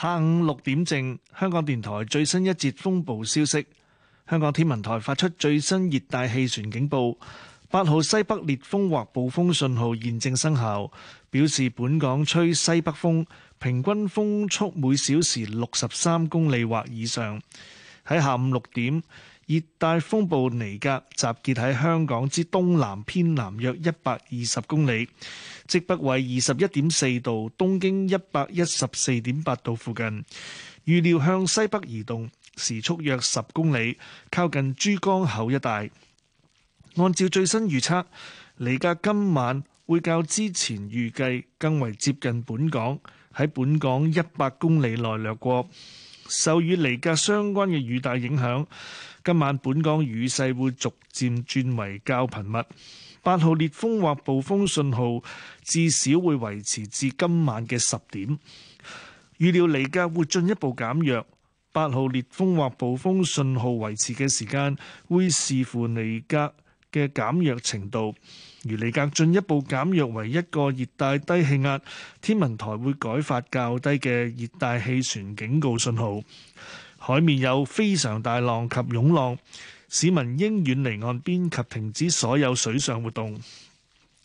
下午六點正，香港電台最新一節風暴消息。香港天文台發出最新熱帶氣旋警報，八號西北烈風或暴風信號現正生效，表示本港吹西北風，平均風速每小時六十三公里或以上。喺下午六點，熱帶風暴尼格集結喺香港之東南偏南約一百二十公里，即北緯二十一點四度，東經一百一十四點八度附近。預料向西北移動，時速約十公里，靠近珠江口一帶。按照最新預測，尼格今晚會較之前預計更為接近本港，喺本港一百公里內掠過。受與尼格相關嘅雨帶影響。今晚本港雨勢會逐漸轉為較頻密，八號烈風或暴風信號至少會維持至今晚嘅十點。預料尼格會進一步減弱，八號烈風或暴風信號維持嘅時間會視乎尼格嘅減弱程度。如尼格進一步減弱為一個熱帶低氣壓，天文台會改發較低嘅熱帶氣旋警告信號。海面有非常大浪及湧浪，市民應遠離岸邊及停止所有水上活動。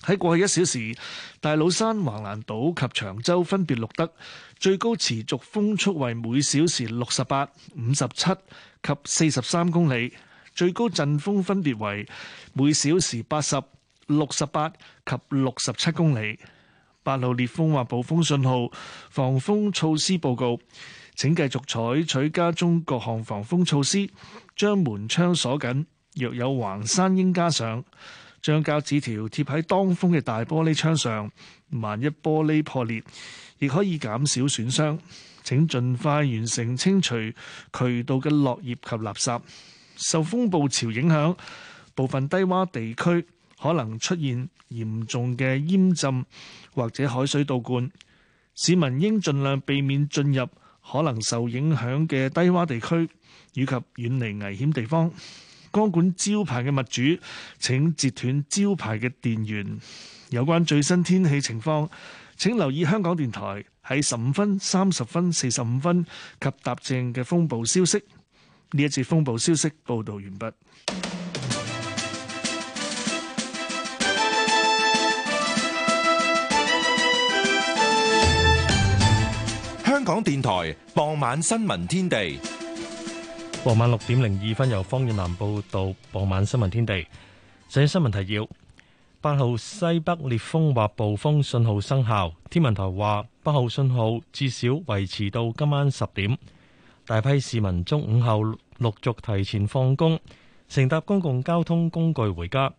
喺過去一小時，大老山、橫瀾島及長洲分別錄得最高持續風速為每小時六十八、五十七及四十三公里，最高陣風分別為每小時八十、六十八及六十七公里。八號烈風或暴風信號，防風措施報告。請繼續採取家中各項防風措施，將門窗鎖緊。若有橫山，應加上將膠紙條貼喺當風嘅大玻璃窗上。萬一玻璃破裂，亦可以減少損傷。請盡快完成清除渠道嘅落葉及垃圾。受風暴潮影響，部分低洼地區可能出現嚴重嘅淹浸或者海水倒灌。市民應盡量避免進入。可能受影響嘅低窪地區，以及遠離危險地方。光管招牌嘅物主請截斷招牌嘅電源。有關最新天氣情況，請留意香港電台喺十五分、三十分、四十五分及踏正嘅風暴消息。呢一次風暴消息報導完畢。香港電台傍晚新聞天地。傍晚六點零二分由方艷南報道。傍晚新聞天地，先睇新聞提要。八號西北烈風或暴風信號生效，天文台話八號信號至少維持到今晚十點。大批市民中午後陸續提前放工，乘搭公共交通工具回家。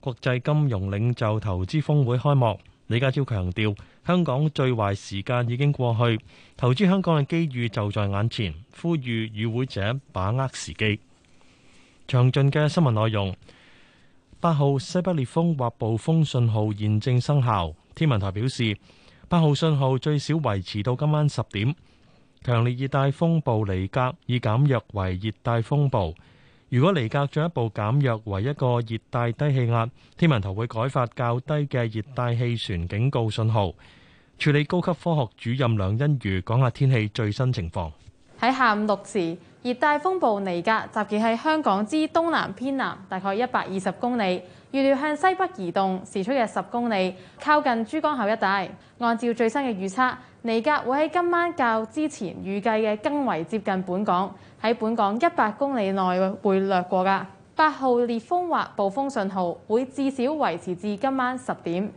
國際金融領袖投資峰會開幕，李家超強調。香港最壞時間已經過去，投資香港嘅機遇就在眼前，呼籲與會者把握時機。詳盡嘅新聞內容：八號西北烈風或暴風信號現正生效，天文台表示八號信號最少維持到今晚十點。強烈熱帶風暴尼格已減弱為熱帶風暴。如果尼格進一步減弱為一個熱帶低氣壓，天文台會改發較低嘅熱帶氣旋警告信號。處理高級科學主任梁欣如講下天氣最新情況。喺下午六時，熱帶風暴尼格集結喺香港之東南偏南，大概一百二十公里，預料向西北移動，時速約十公里，靠近珠江口一帶。按照最新嘅預測。尼格會喺今晚較之前預計嘅更為接近本港，喺本港一百公里內會掠過㗎。八號烈風或暴風信號會至少維持至今晚十點。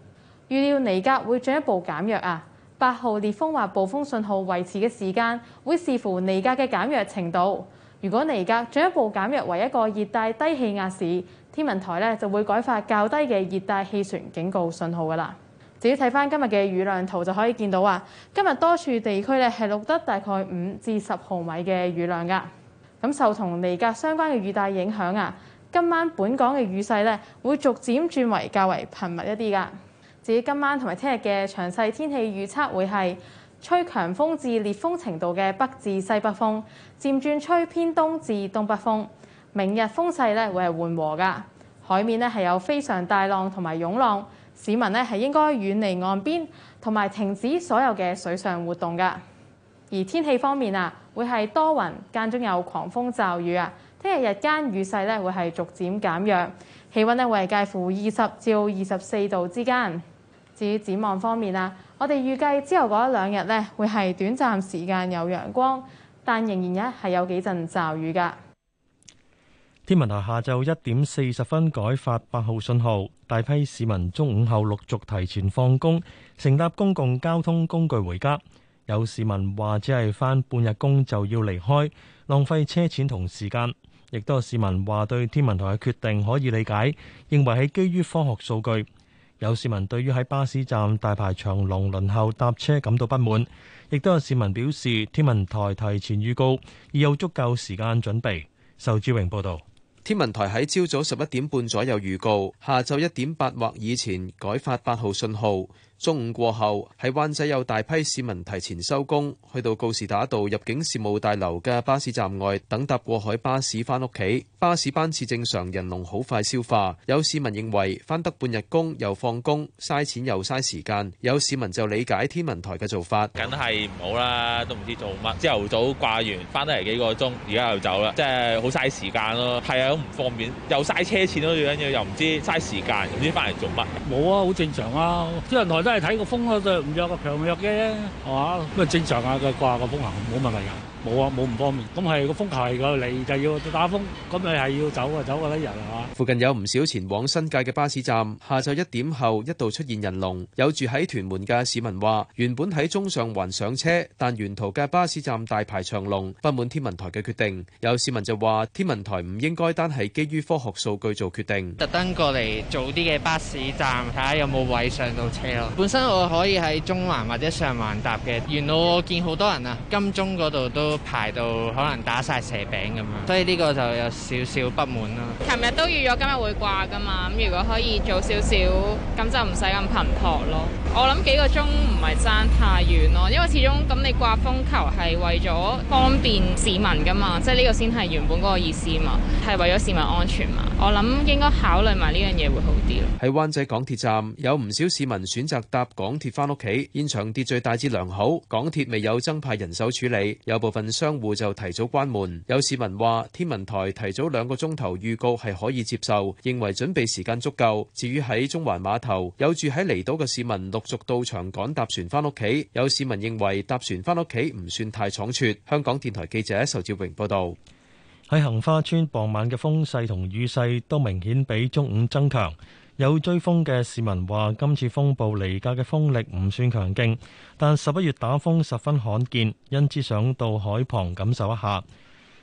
預料尼格會進一步減弱啊。八號烈風或暴風信號維持嘅時間會視乎尼格嘅減弱程度。如果尼格進一步減弱為一個熱帶低氣壓時，天文台咧就會改發較低嘅熱帶氣旋警告信號㗎啦。只要睇翻今日嘅雨量圖就可以見到啊！今日多處地區咧係錄得大概五至十毫米嘅雨量㗎。咁受同尼格相關嘅雨帶影響啊，今晚本港嘅雨勢咧會逐漸轉為較為頻密一啲㗎。至於今晚同埋聽日嘅詳細天氣預測會，會係吹強風至烈風程度嘅北至西北風，漸轉吹偏東至東北風。明日風勢咧會係緩和㗎，海面咧係有非常大浪同埋湧浪。市民咧係應該遠離岸邊，同埋停止所有嘅水上活動噶。而天氣方面啊，會係多雲間中有狂風驟雨啊。聽日日間雨勢咧會係逐漸減弱，氣温咧會係介乎二十至二十四度之間。至於展望方面啊，我哋預計之後過一兩日呢，會係短暫時間有陽光，但仍然咧係有幾陣驟雨噶。天文台下晝一點四十分改發八號信號，大批市民中午後陸續提前放工，乘搭公共交通工具回家。有市民話只係返半日工就要離開，浪費車錢同時間。亦都有市民話對天文台嘅決定可以理解，認為係基於科學數據。有市民對於喺巴士站大排長龍、輪候搭車感到不滿。亦都有市民表示，天文台提前預告，已有足夠時間準備。仇志榮報道。天文台喺朝早十一點半左右預告，下晝一點八或以前改發八號信號。中午過後，喺灣仔有大批市民提前收工，去到告士打道入境事務大樓嘅巴士站外等搭過海巴士翻屋企。巴士班次正常，人龍好快消化。有市民認為翻得半日工又放工，嘥錢又嘥時間。有市民就理解天文台嘅做法，梗係唔好啦，都唔知做乜。朝頭早掛完，翻得嚟幾個鐘，而家又走啦，即係好嘥時間咯。係啊，好唔方便，又嘥車錢咯，最緊要又唔知嘥時間，唔知翻嚟做乜。冇啊，好正常啊，天文台真睇個風咯，就唔弱個強弱嘅，係嘛？咁啊正常啊，佢掛個風行冇問題㗎啊。冇啊，冇唔方便。咁係個風球嚟就要打風，咁咪係要走啊，走嗰啲人啊。附近有唔少前往新界嘅巴士站，下晝一點後一度出現人龍。有住喺屯門嘅市民話：原本喺中上環上車，但沿途嘅巴士站大排長龍，不滿天文台嘅決定。有市民就話：天文台唔應該單係基於科學數據做決定。特登過嚟早啲嘅巴士站睇下有冇位上到車咯。本身我可以喺中環或者上環搭嘅，沿路我見好多人啊，金鐘嗰度都。都排到可能打晒蛇餅咁樣，所以呢個就有少少不滿啦。琴日都預咗今日會掛噶嘛，咁如果可以早少少，咁就唔使咁頻撲咯。我諗幾個鐘唔係爭太遠咯，因為始終咁你掛風球係為咗方便市民噶嘛，即係呢個先係原本嗰個意思嘛，係為咗市民安全嘛。我諗應該考慮埋呢樣嘢會好啲。喺灣仔港鐵站，有唔少市民選擇搭港鐵翻屋企，現場秩序大致良好，港鐵未有增派人手處理，有部分。商戶就提早關門，有市民話天文台提早兩個鐘頭預告係可以接受，認為準備時間足夠。至於喺中環碼頭，有住喺離島嘅市民陸續到場趕搭船翻屋企，有市民認為搭船翻屋企唔算太倉促。香港電台記者仇志榮報道。喺杏花村傍晚嘅風勢同雨勢都明顯比中午增強。有追風嘅市民話：今次風暴離家嘅風力唔算強勁，但十一月打風十分罕見，因此想到海旁感受一下。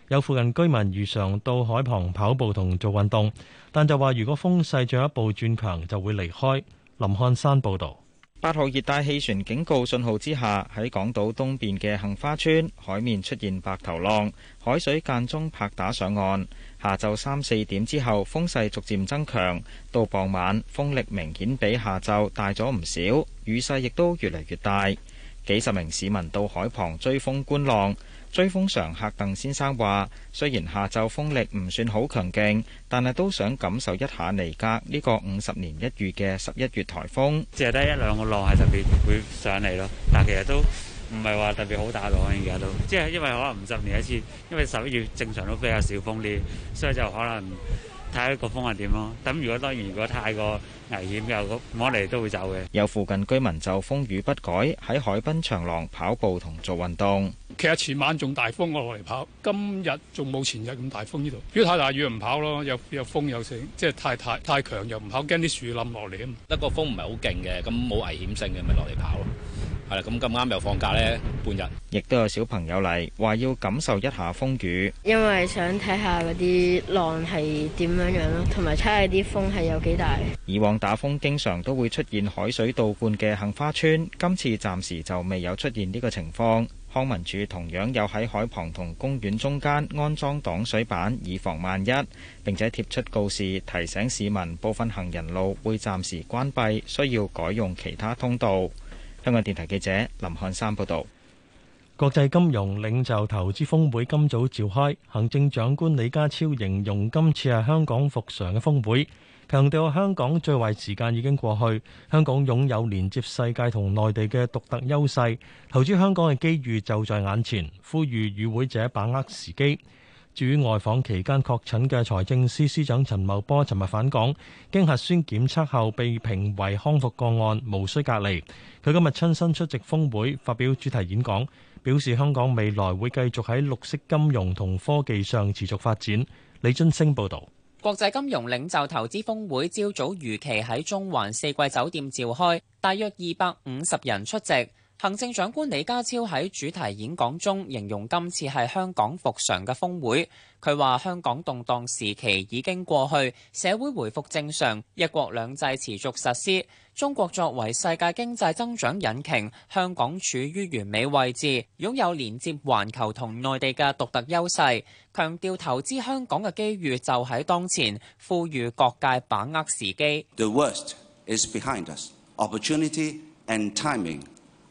有附近居民如常到海旁跑步同做運動，但就話如果風勢進一步轉強就會離開。林漢山報導。八號熱帶氣旋警告信號之下，喺港島東邊嘅杏花村海面出現白頭浪，海水間中拍打上岸。下晝三四點之後，風勢逐漸增強，到傍晚風力明顯比下晝大咗唔少，雨勢亦都越嚟越大。幾十名市民到海旁追風觀浪，追風常客鄧先生話：雖然下晝風力唔算好強勁，但係都想感受一下尼格呢個五十年一遇嘅十一月台風，只係得一兩個浪喺上邊會上嚟咯，但其實都。唔係話特別好打到，而家都即係因為可能五十年一次，因為十一月正常都比較少風啲，所以就可能睇下個風係點咯。咁如果當然，如果太過危險嘅，我哋都會走嘅。有附近居民就風雨不改，喺海濱長廊跑步同做運動。其實前晚仲大風，我落嚟跑，今日仲冇前日咁大風呢度。如果太大雨唔跑咯，又又風又成，即係太太太強又唔跑，驚啲樹冧落嚟。咁得個風唔係好勁嘅，咁冇危險性嘅咪落嚟跑咯。係啦，咁咁啱又放假呢。半日亦都有小朋友嚟，話要感受一下風雨，因為想睇下嗰啲浪係點樣樣咯，同埋測下啲風係有幾大。以往打風經常都會出現海水倒灌嘅杏花村，今次暫時就未有出現呢個情況。康文署同樣有喺海旁同公園中間安裝擋水板，以防萬一。並且貼出告示，提醒市民部分行人路會暫時關閉，需要改用其他通道。香港電台記者林漢山報道。國際金融領袖投資峰會今早召開，行政長官李家超形容今次係香港復常嘅峰會，強調香港最壞時間已經過去，香港擁有連接世界同內地嘅獨特優勢，投資香港嘅機遇就在眼前，呼籲與會者把握時機。主外訪期間確診嘅財政司司長陳茂波，尋日返港，經核酸檢測後被評為康復個案，無需隔離。佢今日親身出席峰會，發表主題演講，表示香港未來會繼續喺綠色金融同科技上持續發展。李津星報導，國際金融領袖投資峰會朝早如期喺中環四季酒店召開，大約二百五十人出席。行政長官李家超喺主題演講中形容今次係香港復常嘅峰會。佢話香港動盪時期已經過去，社會回復正常，一國兩制持續實施。中國作為世界經濟增長引擎，香港處於完美位置，擁有連接環球同內地嘅獨特優勢。強調投資香港嘅機遇就喺當前，呼籲各界把握時機。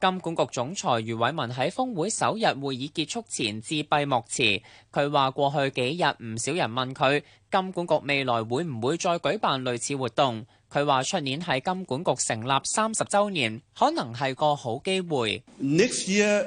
金管局總裁余偉文喺峰會首日會議結束前致閉幕詞，佢話過去幾日唔少人問佢，金管局未來會唔會再舉辦類似活動？佢話出年係金管局成立三十周年，可能係個好機會。Next year.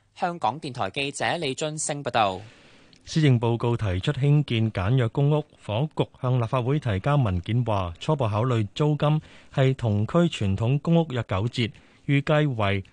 香港電台記者李俊升報道：施政報告提出興建簡約公屋，房屋局向立法會提交文件話，初步考慮租金係同區傳統公屋約九折，預計為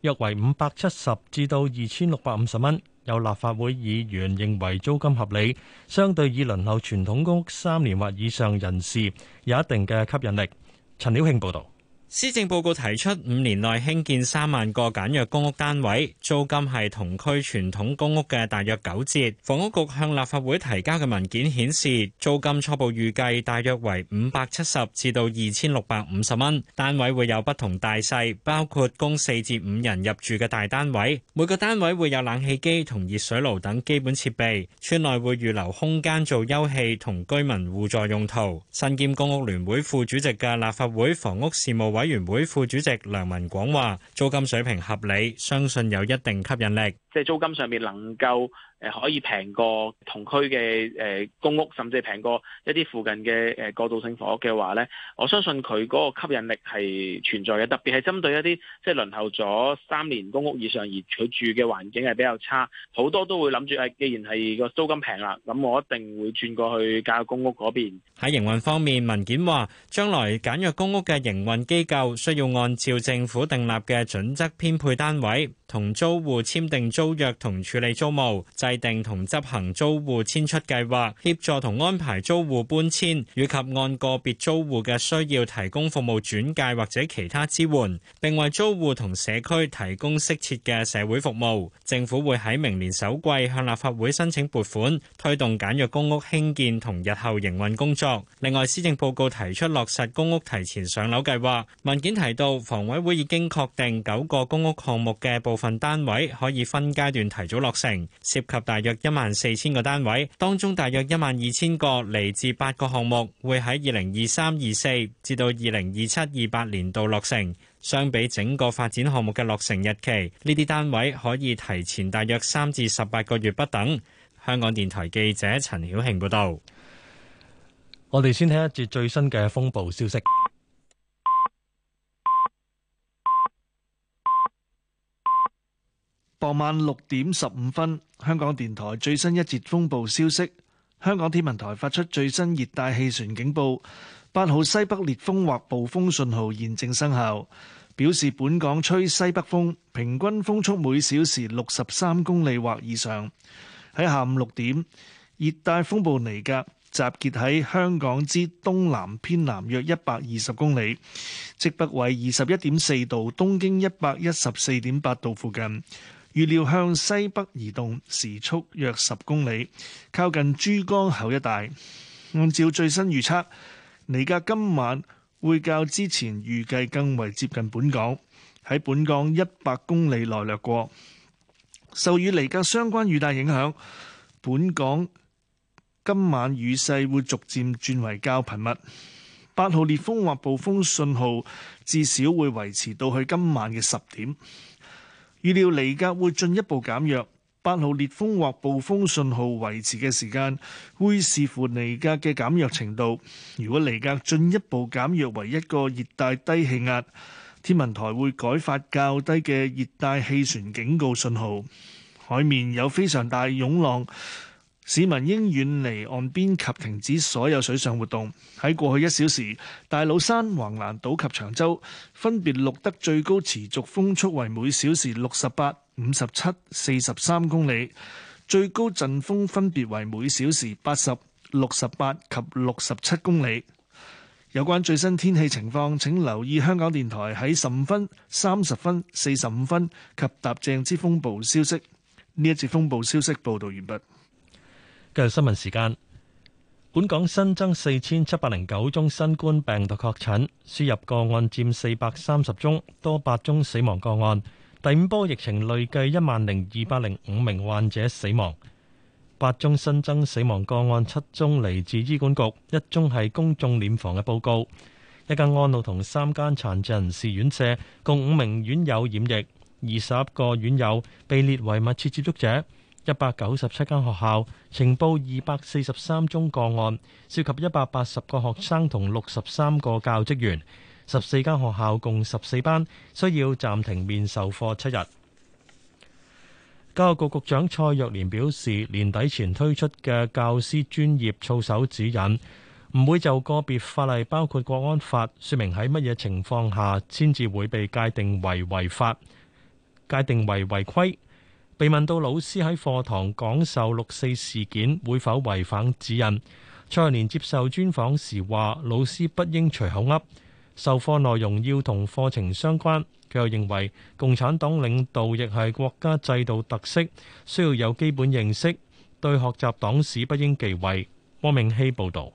約為五百七十至到二千六百五十蚊。有立法會議員認為租金合理，相對已輪候傳統公屋三年或以上人士有一定嘅吸引力。陳曉慶報道。施政報告提出五年內興建三萬個簡約公屋單位，租金係同區傳統公屋嘅大約九折。房屋局向立法會提交嘅文件顯示，租金初步預計大約為五百七十至到二千六百五十蚊。單位會有不同大細，包括供四至五人入住嘅大單位。每個單位會有冷氣機同熱水爐等基本設備。邨內會預留空間做休憩同居民互助用途。新劍公屋聯會副主席嘅立法會房屋事務。委員會副主席梁文廣話：租金水平合理，相信有一定吸引力。即租金上面能夠誒，可以平過同區嘅，誒公屋，甚至平過一啲附近嘅，誒過渡性房屋嘅話咧，我相信佢嗰個吸引力係存在嘅。特別係針對一啲即係輪候咗三年公屋以上，而佢住嘅環境係比較差，好多都會諗住誒，既然係個租金平啦，咁我一定會轉過去加入公屋嗰邊。喺營運方面，文件話將來簡約公屋嘅營運機構需要按照政府訂立嘅準則編配單位，同租戶簽訂租。租約同處理租務，制定同執行租戶遷出計劃，協助同安排租戶搬遷，以及按個別租戶嘅需要提供服務轉介或者其他支援，並為租戶同社區提供適切嘅社會服務。政府會喺明年首季向立法會申請撥款，推動簡約公屋興建同日後營運工作。另外，施政報告提出落實公屋提前上樓計劃。文件提到，房委會已經確定九個公屋項目嘅部分單位可以分。階段提早落成，涉及大約一萬四千個單位，當中大約一萬二千個嚟自八個項目，會喺二零二三、二四至到二零二七、二八年度落成。相比整個發展項目嘅落成日期，呢啲單位可以提前大約三至十八個月不等。香港電台記者陳曉慶報道。我哋先聽一節最新嘅風暴消息。傍晚六點十五分，香港電台最新一節風暴消息。香港天文台發出最新熱帶氣旋警報，八號西北烈風或暴風信號現正生效，表示本港吹西北風，平均風速每小時六十三公里或以上。喺下午六點，熱帶風暴尼格集結喺香港之東南偏南約一百二十公里，即北緯二十一點四度，東經一百一十四點八度附近。預料向西北移動，時速約十公里，靠近珠江口一帶。按照最新預測，尼格今晚會較之前預計更為接近本港，喺本港一百公里內掠過。受與尼格相關雨帶影響，本港今晚雨勢會逐漸轉為較頻密。八號烈風或暴風信號至少會維持到去今晚嘅十點。預料尼格會進一步減弱，八號烈風或暴風信號維持嘅時間會視乎尼格嘅減弱程度。如果尼格進一步減弱為一個熱帶低氣壓，天文台會改發較低嘅熱帶氣旋警告信號。海面有非常大湧浪。市民應遠離岸邊及停止所有水上活動。喺過去一小時，大老山、橫瀾島及長洲分別錄得最高持續風速為每小時六十八、五十七、四十三公里，最高陣風分別為每小時八十、六十八及六十七公里。有關最新天氣情況，請留意香港電台喺十五分、三十分、四十五分及搭正之風暴消息。呢一次風暴消息報導完畢。嘅新聞時間，本港新增四千七百零九宗新冠病毒確診，輸入個案佔四百三十宗，多八宗死亡個案。第五波疫情累計一萬零二百零五名患者死亡，八宗新增死亡個案，七宗嚟自醫管局，一宗係公眾殮房嘅報告。一間安老同三間殘疾人士院舍，共五名院友染疫，二十個院友被列為密切接觸者。一百九十七間學校呈報二百四十三宗個案，涉及一百八十個學生同六十三個教職員，十四間學校共十四班需要暫停面授課七日。教育局局長蔡若蓮表示，年底前推出嘅教師專業操守指引，唔會就個別法例，包括國安法，說明喺乜嘢情況下先至會被界定為違法、界定為違規。被問到老師喺課堂講授六四事件會否違反指引，蔡若蓮接受專訪時話：老師不應隨口噏，授課內容要同課程相關。佢又認為，共產黨領導亦係國家制度特色，需要有基本認識，對學習黨史不應忌諱。汪明希報導。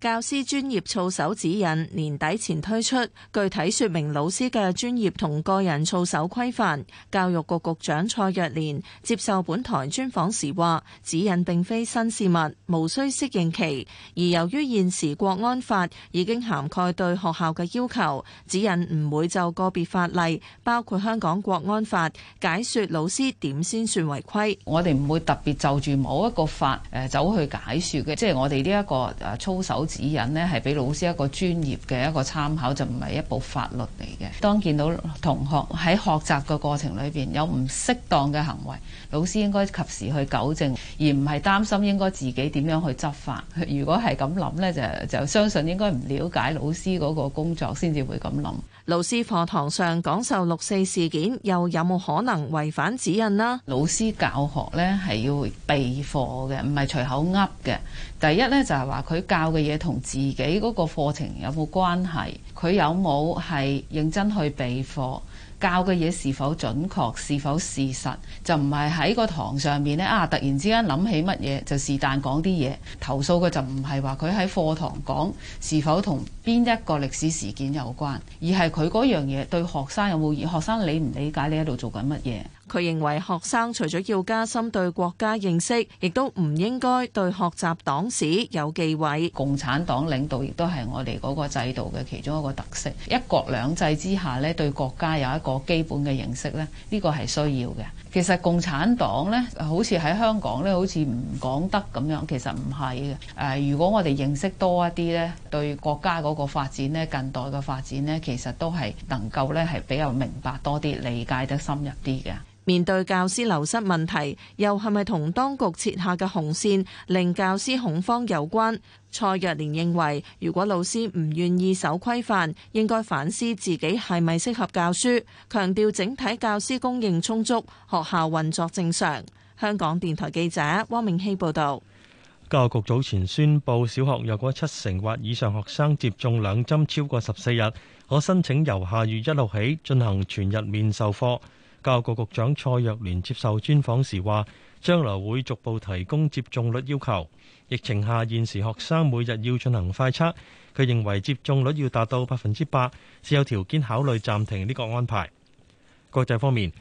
教師專業操守指引年底前推出，具體說明老師嘅專業同個人操守規範。教育局局長蔡若蓮接受本台專訪時話：指引並非新事物，無需適應期。而由於現時國安法已經涵蓋對學校嘅要求，指引唔會就個別法例，包括香港國安法，解說老師點先算違規，我哋唔會特別就住某一個法誒走去解說嘅，即係我哋呢一個誒操守。指引呢，係俾老師一個專業嘅一個參考，就唔係一部法律嚟嘅。當見到同學喺學習嘅過程裏邊有唔適當嘅行為，老師應該及時去糾正，而唔係擔心應該自己點樣去執法。如果係咁諗呢，就就相信應該唔了解老師嗰個工作先至會咁諗。老師課堂上講授六四事件，又有冇可能違反指引啦？老師教學呢，係要備課嘅，唔係隨口噏嘅。第一咧就係話佢教嘅嘢同自己嗰個課程有冇關係，佢有冇係認真去備課，教嘅嘢是否準確，是否事實，就唔係喺個堂上面咧啊！突然之間諗起乜嘢，就是但講啲嘢，投訴嘅就唔係話佢喺課堂講是否同邊一個歷史事件有關，而係佢嗰樣嘢對學生有冇益，學生理唔理解你喺度做緊乜嘢？佢認為學生除咗要加深對國家認識，亦都唔應該對學習黨史有忌諱。共產黨領導亦都係我哋嗰個制度嘅其中一個特色。一國兩制之下呢，對國家有一個基本嘅認識呢，呢個係需要嘅。其實共產黨呢，好似喺香港呢，好似唔講得咁樣，其實唔係嘅。誒、呃，如果我哋認識多一啲呢，對國家嗰個發展呢，近代嘅發展呢，其實都係能夠呢，係比較明白多啲，理解得深入啲嘅。面對教師流失問題，又係咪同當局設下嘅紅線令教師恐慌有關？蔡若蓮認為，如果老師唔願意守規範，應該反思自己係咪適合教書。強調整體教師供應充足，學校運作正常。香港電台記者汪明希報道。教育局早前宣布，小學若果七成或以上學生接種兩針超過十四日，可申請由下月一號起進行全日面授課。教育局局長蔡若蓮接受專訪時話，將來會逐步提供接種率要求。疫情下現時學生每日要進行快測，佢認為接種率要達到百分之百，至有條件考慮暫停呢個安排。國際方面，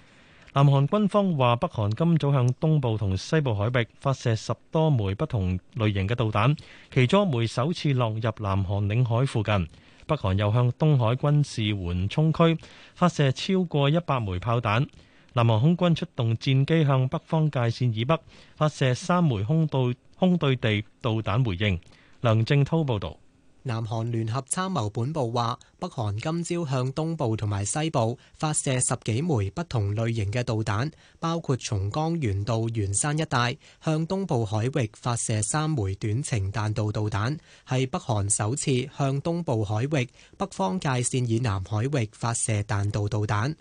南韓軍方話北韓今早向東部同西部海域發射十多枚不同類型嘅導彈，其中一枚首次落入南韓領海附近。北韓又向東海軍事緩衝區發射超過一百枚炮彈，南韓空軍出動戰機向北方界線以北發射三枚空對空對地導彈回應。梁正濤報導。南韓聯合參謀本部話，北韓今朝向東部同埋西部發射十幾枚不同類型嘅導彈，包括從江原道元山一帶向東部海域發射三枚短程彈道導彈，係北韓首次向東部海域、北方界線以南海域發射彈道導彈。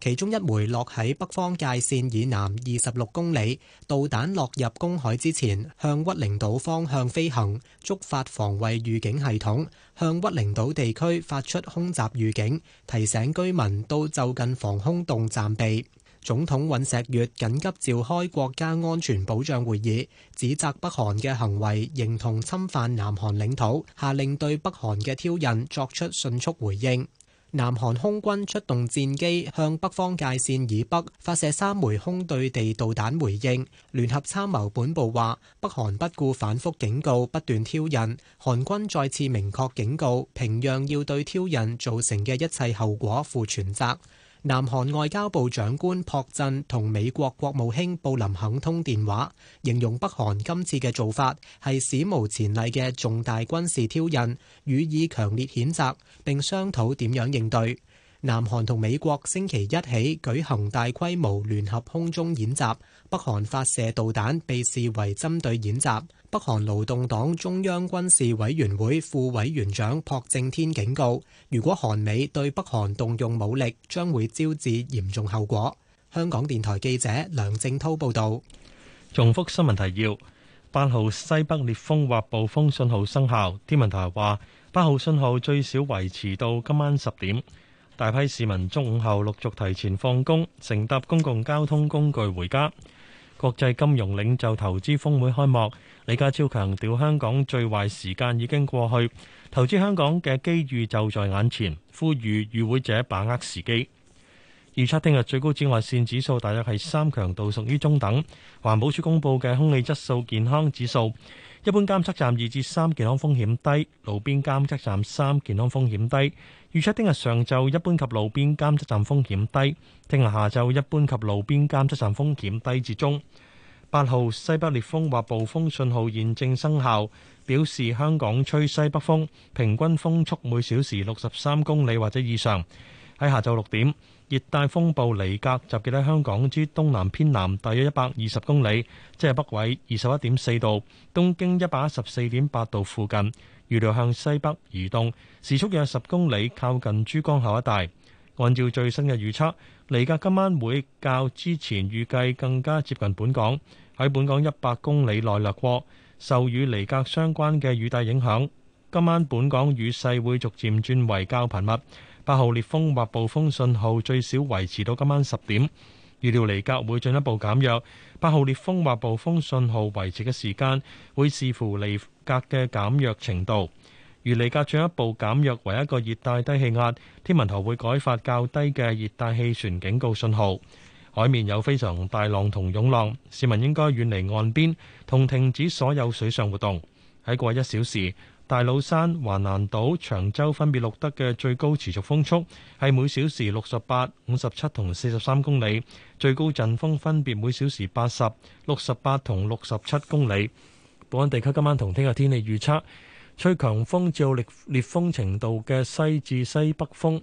其中一枚落喺北方界線以南二十六公里，導彈落入公海之前，向鬱陵島方向飛行，觸發防衛預警系統，向鬱陵島地區發出空襲預警，提醒居民到就近防空洞暫避。總統尹錫悅緊急召開國家安全保障會議，指責北韓嘅行為形同侵犯南韓領土，下令對北韓嘅挑釁作出迅速回應。南韓空軍出動戰機向北方界線以北發射三枚空對地導彈回應。聯合參謀本部話：北韓不顧反覆警告，不斷挑釁，韓軍再次明確警告，平壤要對挑釁造成嘅一切後果負全責。南韓外交部長官朴振同美國國務卿布林肯通電話，形容北韓今次嘅做法係史無前例嘅重大軍事挑釁，予以強烈譴責，並商討點樣應對。南韓同美國星期一起舉行大規模聯合空中演習，北韓發射導彈被視為針對演習。北韓勞動黨中央軍事委員會副委員長朴正天警告：如果韓美對北韓動用武力，將會招致嚴重後果。香港電台記者梁正滔報導。重複新聞提要：八號西北烈風或暴風信號生效，天文台話八號信號最少維持到今晚十點。大批市民中午後陸續提前放工，乘搭公共交通工具回家。國際金融領袖投資峰會開幕，李家超強調香港最壞時間已經過去，投資香港嘅機遇就在眼前，呼籲與會者把握時機。預測聽日最高紫外線指數大約係三強度，屬於中等。環保署公佈嘅空氣質素健康指數，一般監測站二至三健康風險低，路邊監測站三健康風險低。預測聽日上晝一般及路邊監測站風險低，聽日下晝一般及路邊監測站風險低至中。八號西北烈風或暴風信號現正生效，表示香港吹西北風，平均風速每小時六十三公里或者以上。喺下晝六點，熱帶風暴尼格集結喺香港之東南偏南大約一百二十公里，即係北緯二十一點四度，東經一百一十四點八度附近，預料向西北移動，時速約十公里，靠近珠江口一帶。按照最新嘅預測，尼格今晚會較之前預計更加接近本港，喺本港一百公里內掠過，受與尼格相關嘅雨帶影響，今晚本港雨勢會逐漸轉為較頻密。八號烈風或暴風信號最少維持到今晚十點，預料尼格會進一步減弱。八號烈風或暴風信號維持嘅時間會視乎尼格嘅減弱程度。如尼格進一步減弱為一個熱帶低氣壓，天文台會改發較低嘅熱帶氣旋警告信號。海面有非常大浪同湧浪，市民應該遠離岸邊同停止所有水上活動。喺過一小時。大老山、橫瀾島、長洲分別錄得嘅最高持續風速係每小時六十八、五十七同四十三公里，最高陣風分別每小時八十、六十八同六十七公里。保安地區今晚同聽日天氣預測，吹強風至烈烈風程度嘅西至西北風，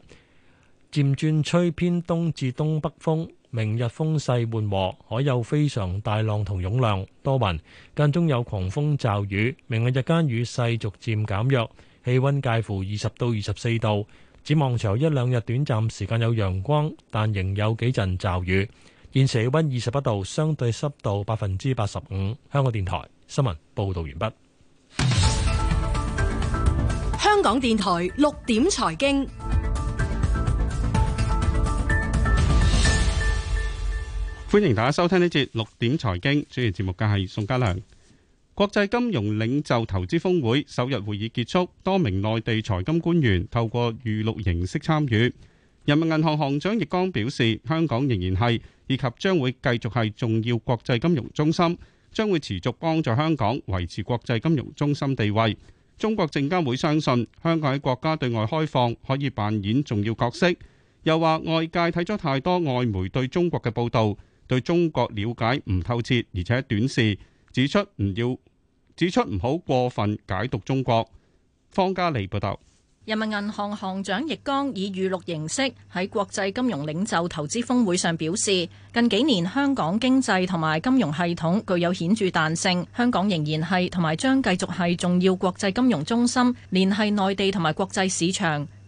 漸轉吹偏東至東北風。明日風勢緩和，海有非常大浪同湧浪，多雲間中有狂風驟雨。明日日間雨勢逐漸減弱，氣温介乎二十到二十四度。展望朝一兩日短暫時間有陽光，但仍有幾陣驟雨。現時氣温二十八度，相對濕度百分之八十五。香港電台新聞報道完畢。香港電台六點財經。歡迎大家收聽呢節六點財經，主持節目嘅係宋家良。國際金融領袖投資峰會首日會議結束，多名內地財金官員透過預錄形式參與。人民銀行行長易綱表示，香港仍然係以及將會繼續係重要國際金融中心，將會持續幫助香港維持國際金融中心地位。中國證監會相信香港喺國家對外開放可以扮演重要角色，又話外界睇咗太多外媒對中國嘅報道。對中國了解唔透徹，而且短視，指出唔要指出唔好過分解讀中國。方家利報道，人民銀行行長易綱以預錄形式喺國際金融領袖投資峰會上表示，近幾年香港經濟同埋金融系統具有顯著彈性，香港仍然係同埋將繼續係重要國際金融中心，聯繫內地同埋國際市場。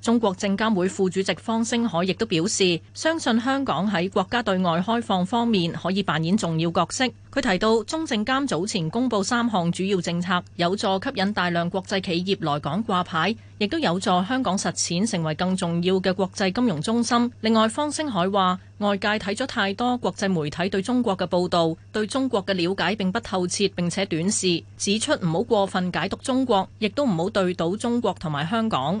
中國證監會副主席方星海亦都表示，相信香港喺國家對外開放方面可以扮演重要角色。佢提到，中證監早前公布三項主要政策，有助吸引大量國際企業來港掛牌，亦都有助香港實踐成為更重要嘅國際金融中心。另外，方星海話外界睇咗太多國際媒體對中國嘅報道，對中國嘅了解並不透徹並且短視，指出唔好過分解讀中國，亦都唔好對賭中國同埋香港。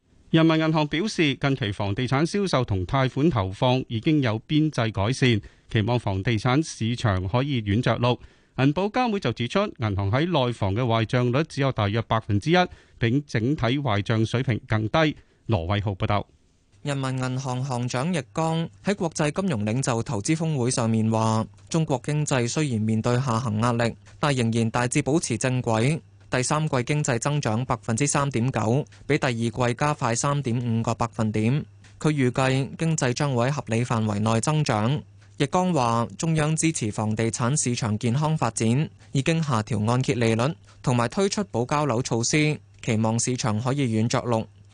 人民銀行表示，近期房地產銷售同貸款投放已經有邊際改善，期望房地產市場可以軟著陸。銀保監會就指出，銀行喺內房嘅壞賬率只有大約百分之一，比整體壞賬水平更低。羅偉豪報導。人民銀行行長易綱喺國際金融領袖投資峰會上面話：中國經濟雖然面對下行壓力，但仍然大致保持正軌。第三季經濟增長百分之三點九，比第二季加快三點五個百分點，佢預計經濟將會喺合理範圍內增長。易綱話中央支持房地產市場健康發展，已經下調按揭利率，同埋推出保交樓措施，期望市場可以軟着陸。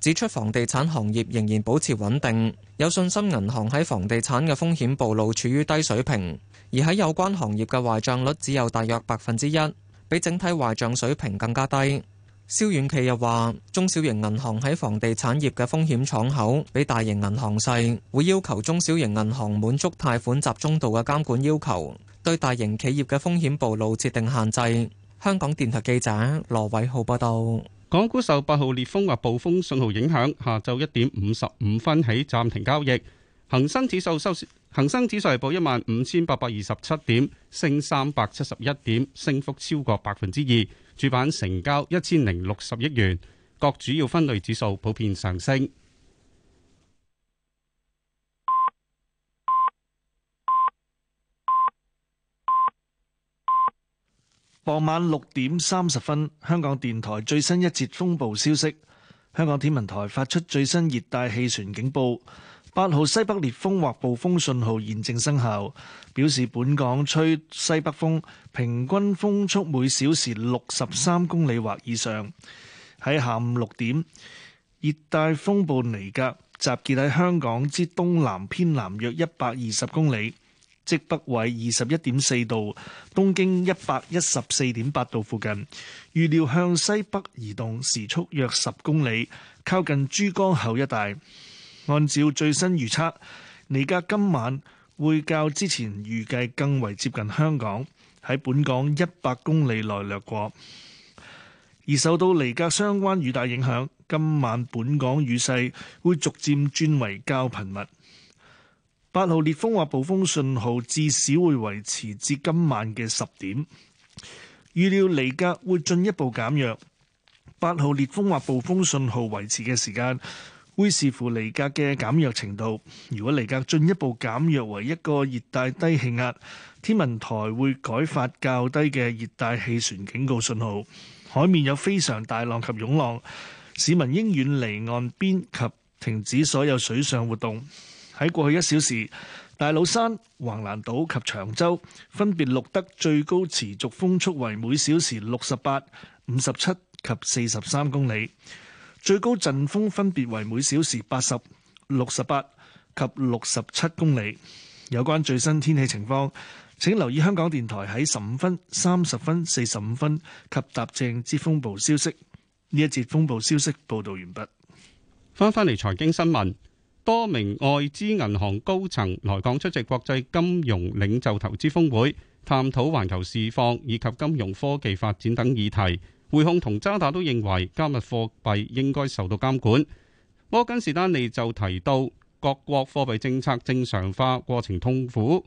指出房地產行業仍然保持穩定，有信心銀行喺房地產嘅風險暴露處於低水平，而喺有關行業嘅壞帳率只有大約百分之一，比整體壞帳水平更加低。蕭遠琪又話：中小型銀行喺房地產業嘅風險敞口比大型銀行細，會要求中小型銀行滿足貸款集中度嘅監管要求，對大型企業嘅風險暴露設定限制。香港電台記者羅偉浩報道。港股受八號烈風或暴風信號影響，下晝一點五十五分起暫停交易。恒生指數收，恒生指數報一萬五千八百二十七點，升三百七十一點，升幅超過百分之二。主板成交一千零六十億元，各主要分類指數普遍上升。傍晚六點三十分，香港電台最新一節風暴消息。香港天文台發出最新熱帶氣旋警報，八號西北烈風或暴風信號現正生效，表示本港吹西北風，平均風速每小時六十三公里或以上。喺下午六點，熱帶風暴尼格集結喺香港之東南偏南約一百二十公里。即北緯二十一點四度，東經一百一十四點八度附近，預料向西北移動，時速約十公里，靠近珠江口一帶。按照最新預測，尼格今晚會較之前預計更為接近香港，喺本港一百公里內掠過。而受到尼格相關雨帶影響，今晚本港雨勢會逐漸轉為較頻密。八號烈風或暴風信號至少會維持至今晚嘅十點，預料離格會進一步減弱。八號烈風或暴風信號維持嘅時間會視乎離格嘅減弱程度。如果離格進一步減弱為一個熱帶低氣壓，天文台會改發較低嘅熱帶氣旋警告信號。海面有非常大浪及湧浪，市民應遠離岸邊及停止所有水上活動。喺過去一小時，大老山、橫瀾島及長洲分別錄得最高持續風速為每小時六十八、五十七及四十三公里，最高陣風分別為每小時八十、六十八及六十七公里。有關最新天氣情況，請留意香港電台喺十五分、三十分、四十五分及踏正之風暴消息。呢一節風暴消息報導完畢，翻返嚟財經新聞。多名外資銀行高層來港出席國際金融領袖投資峰會，探討環球示況以及金融科技發展等議題。匯控同渣打都認為加密貨幣應該受到監管。摩根士丹利就提到，各國貨幣政策正常化過程痛苦，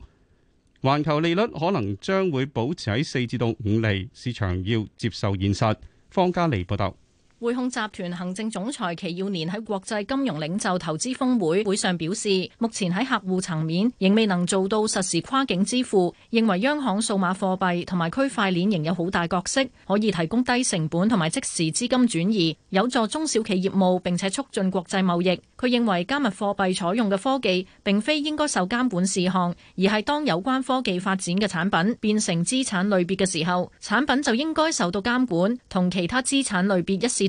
環球利率可能將會保持喺四至到五厘，市場要接受現實。方家利報道。匯控集團行政總裁祁耀年喺國際金融領袖投資峰會會上表示，目前喺客戶層面仍未能做到實時跨境支付，認為央行數碼貨幣同埋區塊鏈仍有好大角色，可以提供低成本同埋即時資金轉移，有助中小企業務，並且促進國際貿易。佢認為加密貨幣採用嘅科技，並非應該受監管事項，而係當有關科技發展嘅產品變成資產類別嘅時候，產品就應該受到監管，同其他資產類別一視。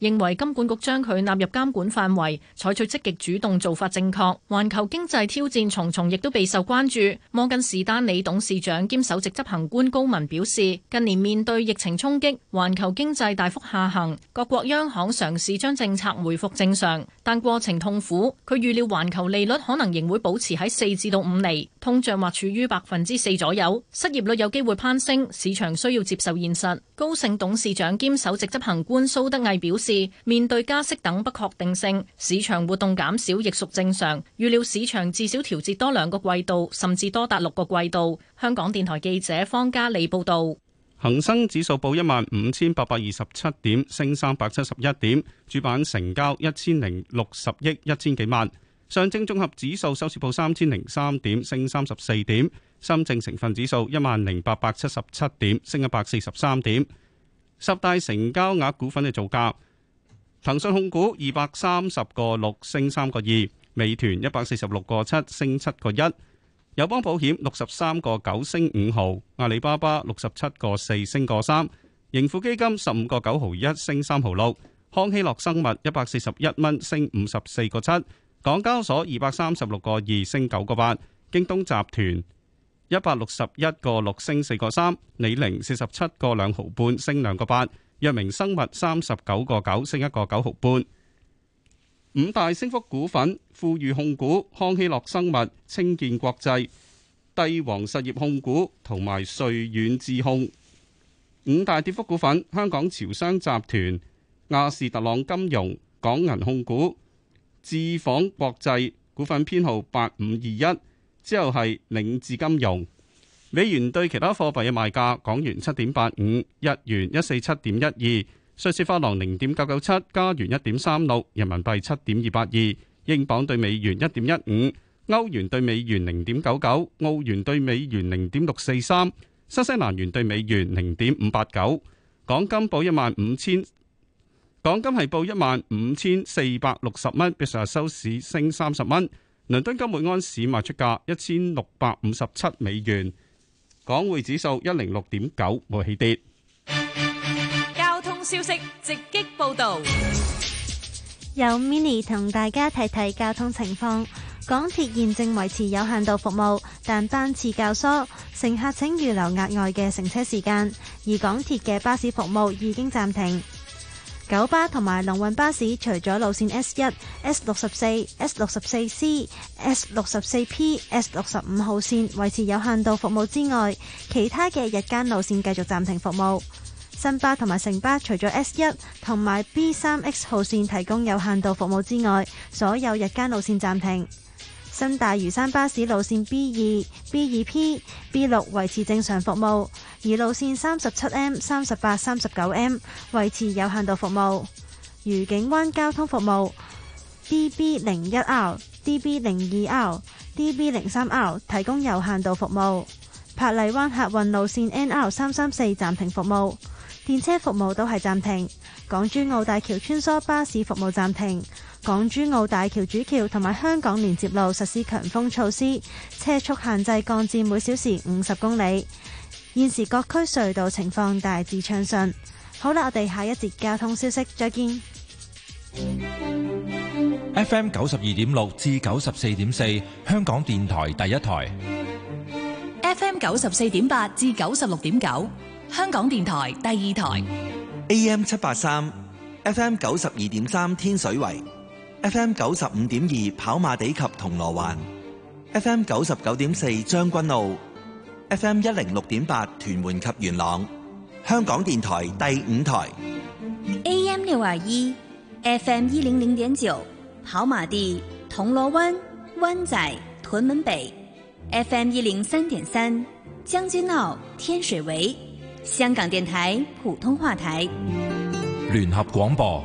認為金管局將佢納入監管範圍，採取積極主動做法正確。環球經濟挑戰重重，亦都備受關注。摩根士丹利董事長兼首席執行官高文表示，近年面對疫情衝擊，環球經濟大幅下行，各國央行嘗試將政策回復正常，但過程痛苦。佢預料環球利率可能仍會保持喺四至到五厘，通脹或處於百分之四左右，失業率有機會攀升。市場需要接受現實。高盛董事長兼首席執行官蘇德毅表示。面對加息等不確定性，市場活動減少亦屬正常。預料市場至少調節多兩個季度，甚至多達六個季度。香港電台記者方嘉莉報道。恒生指數報一萬五千八百二十七點，升三百七十一點；主板成交一千零六十億一千幾萬。上證綜合指數收市報三千零三點，升三十四點。深證成分指數一萬零八百七十七點，升一百四十三點。十大成交額股份嘅造價。騰訊控股二百三十個六升三個二，美團一百四十六個七升七個一，友邦保險六十三個九升五毫，阿里巴巴六十七個四升個三，盈富基金十五個九毫一升三毫六，康希諾生物一百四十一蚊升五十四個七，港交所二百三十六個二升九個八，京東集團一百六十一個六升四個三，李寧四十七個兩毫半升兩個八。藥明生物三十九個九升一個九毫半，五大升幅股份：富裕控股、康希樂生物、青建國際、帝王實業控股同埋瑞遠智控。五大跌幅股份：香港潮商集團、亞視特朗金融、港銀控股、智仿國際股份編號八五二一，之後係領智金融。美元兌其他貨幣嘅賣價：港元七點八五，日元一四七點一二，瑞士法郎零點九九七，加元一點三六，人民幣七點二八二，英鎊對美元一點一五，歐元對美元零點九九，澳元對美元零點六四三，新西蘭元對美元零點五八九。港金報一萬五千，港金係報一萬五千四百六十蚊，比上日收市升三十蚊。倫敦金每盎司賣出價一千六百五十七美元。港匯指數一零六點九，冇起跌。交通消息直擊報道，由 Mini 同大家睇睇交通情況。港鐵現正維持有限度服務，但班次較疏，乘客請預留額外嘅乘車時間。而港鐵嘅巴士服務已經暫停。九巴同埋龍運巴士除咗路線 S 一、S 六十四、S 六十四 C、S 六十四 P、S 六十五號線維持有限度服務之外，其他嘅日間路線繼續暫停服務。新巴同埋城巴除咗 S 一同埋 B 三 X 號線提供有限度服務之外，所有日間路線暫停。新大嶼山巴士路線 B 二、B 二 P、B 六維持正常服務，而路線三十七 M、三十八、三十九 M 維持有限度服務。愉景灣交通服務 DB 零一 R，DB 零二 R，DB 零三 R 提供有限度服務。珀麗灣客運路線 N L 三三四暫停服務，電車服務都係暫停。港珠澳大橋穿梭巴士服務暫停。港珠澳大橋主橋同埋香港連接路實施強風措施，車速限制降至每小時五十公里。現時各區隧道情況大致暢順。好啦，我哋下一節交通消息再見。F M 九十二點六至九十四點四，香港電台第一台。F M 九十四點八至九十六點九，香港電台第二台。A M 七八三，F M 九十二點三，天水圍。FM 九十五點二跑馬地及銅鑼灣，FM 九十九點四將軍澳，FM 一零六點八屯門及元朗，香港電台第五台，AM 六二一，FM 一零零點九跑馬地銅鑼灣灣仔屯門北，FM 一零三點三將軍澳天水圍，香港電台普通話台，聯合廣播。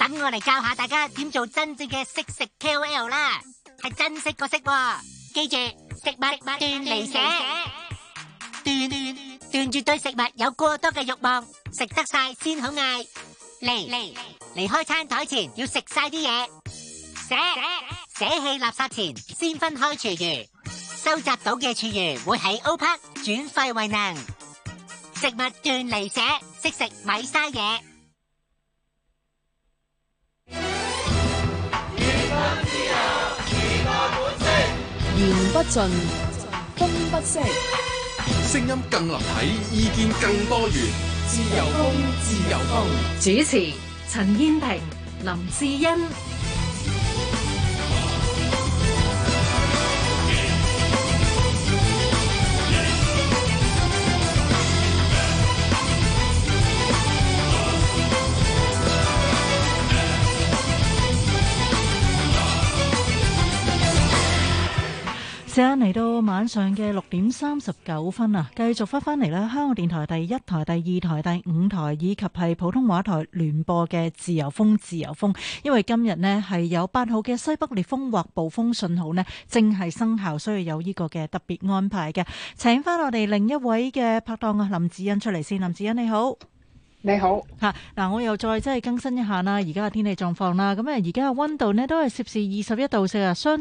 等我嚟教下大家點做真正嘅識食 K O L 啦，係真識個識，記住食物，食物斷離捨，斷斷住對食物有過多嘅欲望，食得晒先好嗌。離離離開餐台前要食晒啲嘢，捨捨棄垃圾前先分開廚餘，收集到嘅廚餘會喺 O·PARK 轉廢為能。食物斷離捨識食，食咪嘥嘢。言不盡，風不息，聲音更立體，意見更多元，自由風，自由風。主持：陳燕平、林志欣。時間嚟到晚上嘅六點三十九分啦、啊，繼續翻翻嚟啦。香港電台第一台、第二台、第五台以及係普通話台聯播嘅自由風，自由風。因為今日呢係有八號嘅西北烈風或暴風信號呢，正係生效，所以有呢個嘅特別安排嘅，請翻我哋另一位嘅拍檔啊，林子欣出嚟先。林子欣你好，你好吓嗱、啊，我又再即係更新一下啦，而家嘅天氣狀況啦，咁啊，而家嘅温度呢都係攝氏二十一度四啊，雙。